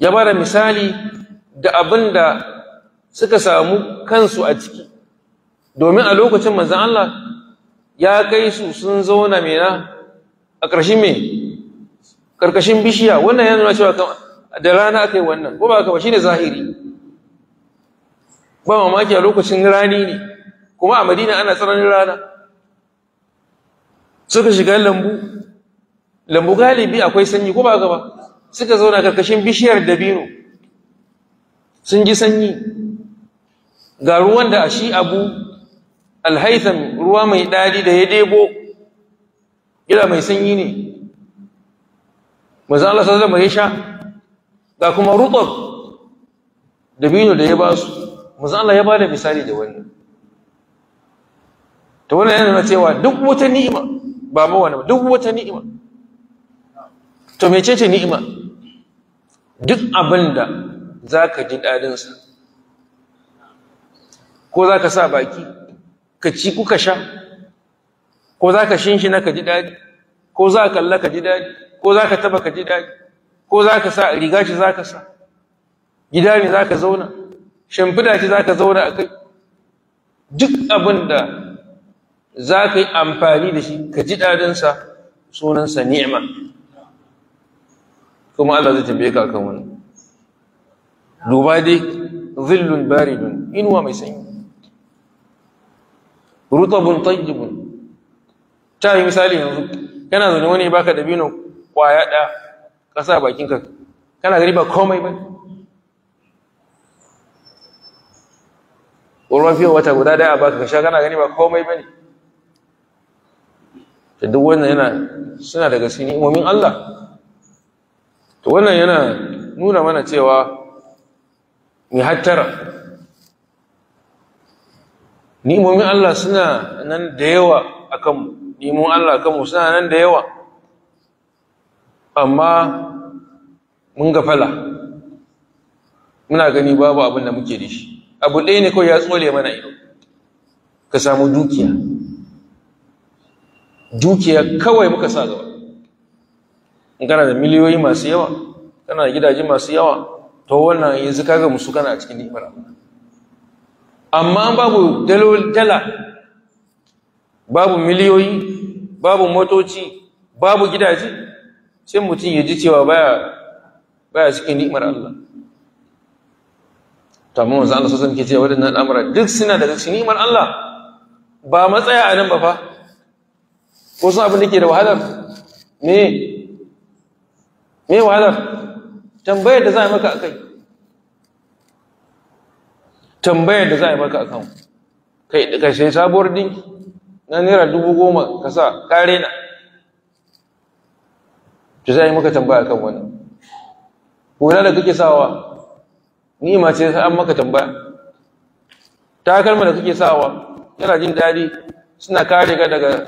ya bada misali da abinda suka samu kansu a ciki domin a lokacin manzon Allah ya kai su sun zauna mena a ƙarshen me ƙarƙashin bishiya wannan yana nuna cewa da rana aka yi wannan ko ba ka ba shine zahiri ba mamaki a lokacin rani ne kuma a madina ana tsananin rana suka shiga lambu lambu galibi akwai sanyi ko ba gaba suka zauna karkashin bishiyar dabino sun ji sanyi ga ruwan da ashi abu alhaitham ruwa mai ɗari da ya debo Gida mai sanyi ne maza Allah sallama ya sha ga kuma rutab dabino da ya basu. su maza Allah ya ba da misali da wannan to wannan yana cewa duk wata ni'ima ba ma wani duk wata ni'ima to mecece ni'ima duk abin da za ka ji daɗinsa ko za ka sa baki ka ci kuka sha ko za ka na ka ji daɗi ko za ka kalla ka ji daɗi ko za ka taba ka ji daɗi ko za ka sa riga shi za ka sa gida ne za ka zauna shimfida ce za ka zauna a kai duk abin da za ka yi amfani da shi ka ji daɗinsa sunansa ni'ima kuma Allah zai tambaye ka kan wani duba dai zillun baridun inuwa mai sanyi rutabun tayyibun ta yi misali yanzu kana zaune wani baka dabino kwaya ɗaya ƙasa bakinka kana gari ba komai ba ruwan fiye wata guda daya a baka ka sha kana gani ba komai ba ne da duk wannan yana suna daga cikin ni'imomin Allah to wannan yana nuna mana cewa mi hattara ni'imomin Allah suna nan da yawa akan ni'imomin Allah akan suna nan da yawa amma mun gafala muna gani babu abin da muke da shi abu ɗaya ne kawai ya tsole mana ido ka samu dukiya dukiya kawai muka sa gaba kana da miliyoyi masu yawa kana da gidaje masu yawa to wannan yanzu kaga musu kana a cikin ni'imar amma babu dala babu miliyoyi babu motoci babu gidaje sai mutum ya ji cewa baya baya cikin ni'imar Allah ta amma wanzu Allah sosai ke cewa waɗannan al'amura duk suna daga cikin ni'imar Allah ba matsaya a nan ba fa ko sun abin da ke da wahalar me me wahalar tambayar da za a maka a kai tambayar da za a maka a kan kai kashe sabuwar dinki na naira dubu goma ka sa kare na ta za a yi maka tambaya kan wani Kula da kake sawa ni ma ce an maka tambaya takalma da kake sawa yana jin daɗi suna kare ka daga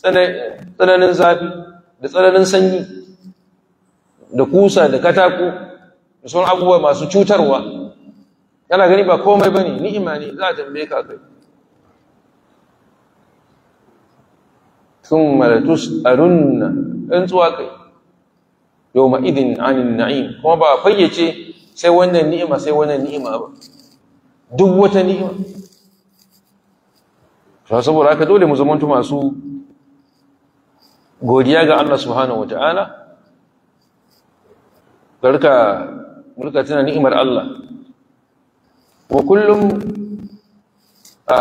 tsananin zafi da tsananin sanyi da kusa da katako da sauran abubuwa masu cutarwa yana gani ba komai ba ne ni'ima ne za a tambaye ka kai sun malatus arunna ɗan tsuwa kai yau ma'idin anin na'im kuma ba fayyace sai wannan ni'ima sai wannan ni'ima ba duk wata ni'ima saboda haka dole mu zamantu masu godiya ga Allah subhanahu wata'ala barka barka tana ni'imar Allah wa kullum a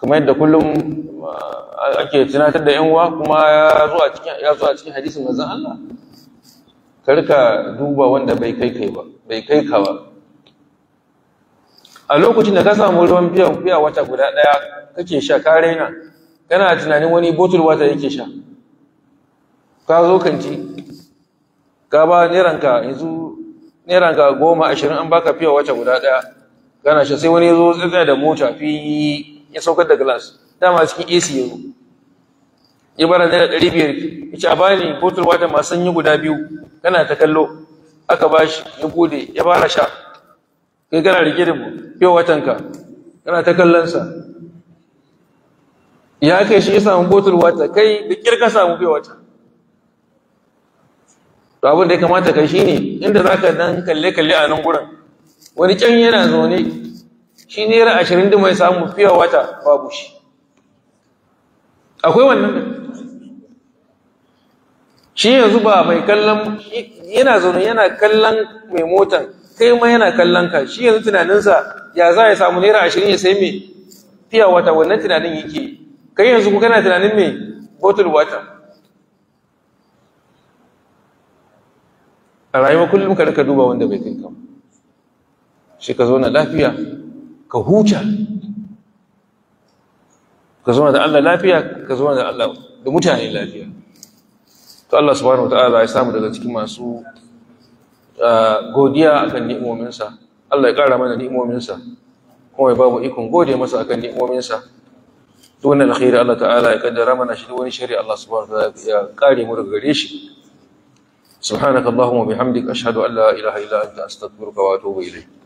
kamar yadda kullum ake tunatar da yan uwa kuma ya zo a cikin ya zo a cikin hadisin manzon Allah karka duba wanda bai kai kai ba bai kai ka ba a lokacin da ka samu ruwan biyan biya wata guda daya kake sha ka raina kana tunanin wani botul wata yake sha ka zo kanci ka ba neranka yanzu neranka goma ashirin an baka fiye wata guda ɗaya kana sha sai wani ya zo tsaye da mota fi ya saukar da glass dama cikin ac ya zo ya bara da ɗari biyar ya ce a bani botul wata masu sanyi guda biyu kana ta kallo aka bashi ya gode ya fara sha kai kana rike da mu fiye watanka kana ta kallonsa ya kai shi ya samu botul wata kai da kirka samu fiye wata to abin da ya kamata kai shine inda zaka dan kalle kalle a nan gurin wani kyan yana zaune shi naira ashirin da mai samu fiye wata babu shi akwai wannan da shi yanzu ba mai kallon yana zaune yana kallon mai motan kai ma yana kallon ka shi yanzu tunaninsa ya za ya samu naira ashirin ya sai mai fiya wata wannan tunanin yake yi kai yanzu ku kana tunanin me bottle water a rayuwa kullum ka rika duba wanda bai kinka shi ka zauna lafiya ka huta ka zauna da Allah lafiya ka zauna da Allah da mutane lafiya to Allah subhanahu wataala ya samu daga cikin masu ah, godiya akan ni'imominsa Allah ya ƙara mana ni'imominsa kuma ya ba mu ikon gode masa akan ni'imominsa duk wani alkhairi Allah ta'ala ya kaddara mana shi wani shari'a Allah subhanahu wa ta'ala ya kare mu daga gare shi subhanakallahumma bihamdika ashhadu an la ilaha illa anta astaghfiruka wa atubu ilayk